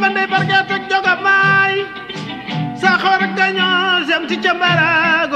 samba ndey barke teg joga maay sa xor gañoo sem ci ca mbaraa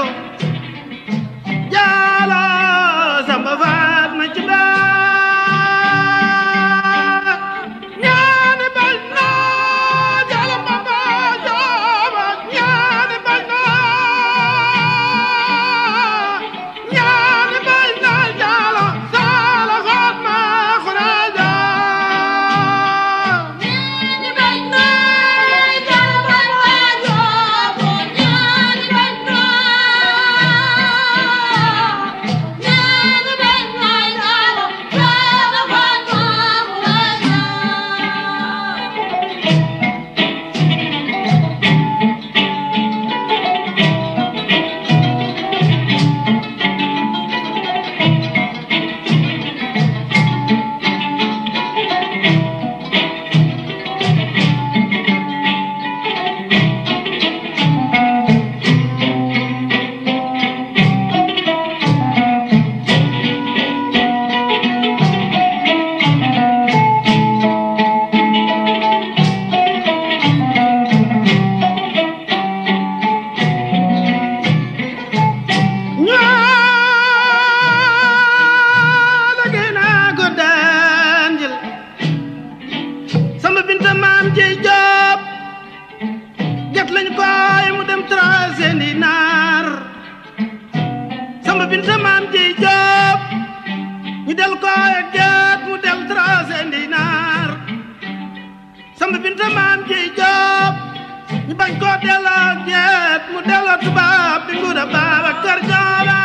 bañ koo delloo ñeet mu delloo tubaab bi nguur a baaba kër jaara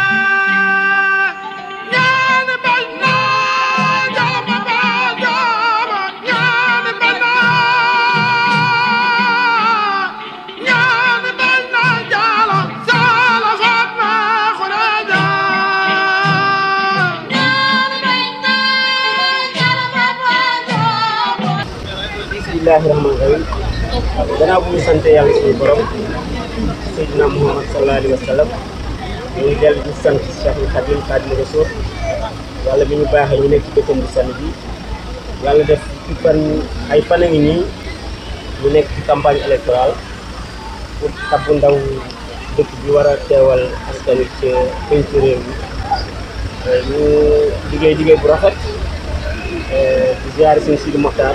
jala ma baa jaama ñaani bañ naa jala jala Bismillahirrahmanirrahim gannaaw bu ñu sante yàlla suñu borom sayyidina Muhammad sallallahu Alaihi Wasallam sallam ñu ngi dellu di sant Cheikhul Khadim Khadim Rasul yàlla bi ñu baaxee ñu nekk ci dëkkam bu sell bi yàlla def ci fan ay fan a ngi nii ñu nekk ci campagne électorale pour tabbu ndaw dëkk bi war a askan ci penc réew mi ñu liggéey liggéey bu rafet di eh, eh, Sidi Mokhtar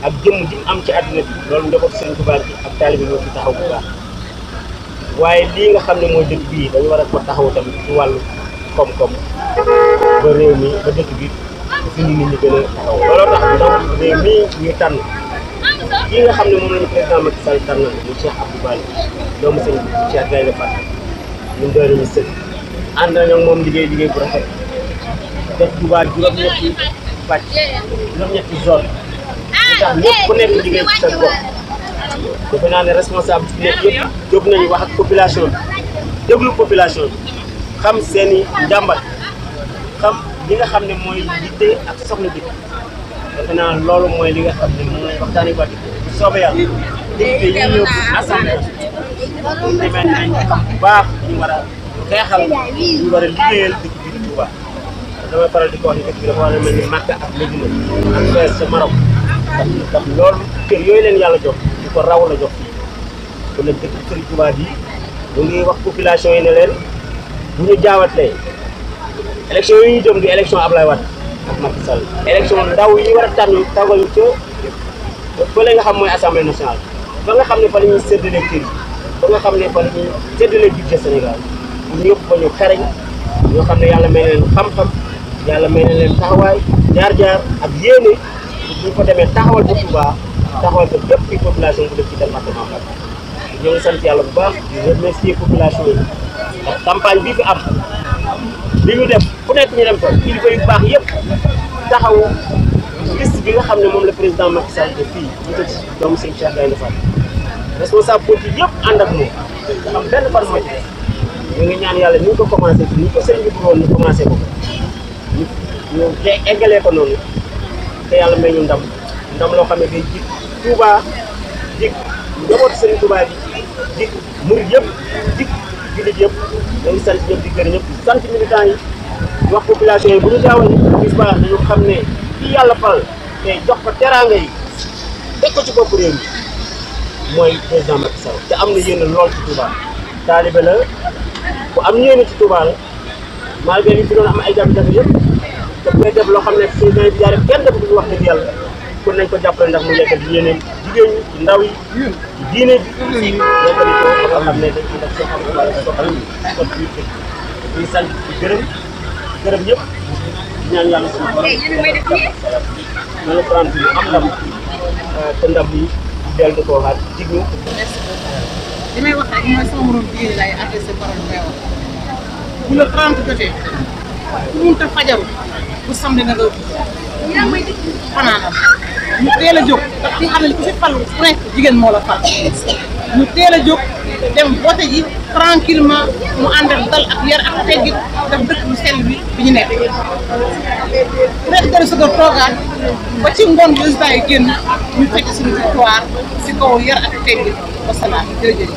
ak jëmm ji am ci àdduna bi loolu njaboot sëñ Tuubaa bi ak taalibe ñoo ci taxaw bu baax waaye lii nga xam ne mooy dëkk bii dañu war a ko taxaw tamit ci wàllu koom-koom ba réew mi ba dëkk bi a taxaw looloo nga xam ne moom la ñu président Macky Sall tànn ñu Cheikh Abdou Bali doomu sëñ bi Cheikh Gaynde Fatma ñun doole liggéey liggéey bu rafet def Touba juróom-ñetti pàcc juróom-ñetti zone tax ñëpp ku nekk liggéey ci seen bopp defe naa ne responsable bi nekk yëpp wax ak population bi déglu population bi xam seeni i jàmbat xam nga xam ne mooy yitte ak soxla bi defe naa loolu mooy li nga xam ne mooy waxtaanee ba di soobee baax a xeexal a liggéeyal di ko ne dëkk bi ak Medina ak Fès ca ndax loolu kër yooyu leen yàlla jox di ko raw la jox bi mu ngi wax population yi ne bu ñu jaawatlee élection yi ñu jëm di élection Ablaye Wade ak Macky Sall élection ndaw a tànn tawal nga xam mooy assemblée nationale ba nga xam ne fa la ñuy séddale kër yi xam ne fa la ñuy séddale budget Sénégal ñu yëpp ba ñu xarañ ñoo xam ne yàlla may na leen xam-xam yàlla may na leen taxawaay jaar-jaar ak yéene il ko demee taxawal ko Touba taxawal ko bépp population bu def ci département Mbacké ñoo ngi sant yàlla bu baax di remercier population ndax campagne bi fi am li ñu def ku nekk ñu dem fa kilifa yu baax yépp taxaw liste bi nga xam ne moom la président Macky Sall de fii ñu tëj doomu sëñ Cheikh Gaïndé Fatma responsable politique yépp ànd ak moom xam benn ñu ngi ñaan ñu ko ko ko ñu ko te yàlla may ñu ndam ndam loo xam ne day jig Touba jig njaboot sëriñ Touba bi jig murid yëpp jullit yëpp dañu sant ñëpp di gërëm ñëpp sant militants yi wax population yi bu ñu daawoon gis baax xam ne ki yàlla fal te jox ko teraanga yi teg ko ci bopp réew mi mooy président Macky Sall te am na yéene lool ci Touba taalibe la bu am yéene ci Touba la malgré li fi doon am ay jafe-jafe yëpp dafay def loo xam ne président bi yaa def kenn def duñu wax dëgg yàlla kon nañ ko jàppale ndax mu yeggal ci yeneen jigéen ñi ci ndaw yi ci diine bi yeggani ko ba nga xam ne dañ ci def soo xam ne soo xam ne kon ñu ñuy sant di gërëm gërëm ñëpp di ñaan yàlla suñu borom mën a prendre ñu am ndam euh, te ndam yi dellu di ko waxaat dig ñu li may wax rek mooy sama morom bii lay adressé parole bu la 30 jotee ku munta fajaru bu samedi nga fanaanam ñu teel a jóg ndax fi xam ne ku fi fal ku nekk jigéen moo la fal ñu teel a dem vote ji tranquillement mu ànd ak dal ak yar ak teggit daf dëkk bu sell bi bi ñu nekk nekk dara sa kër toogaat ba ci ngoon résultat yi génn ñu fekk suñu victoire si kaw yar ak teggit Wassalam. jërëjëf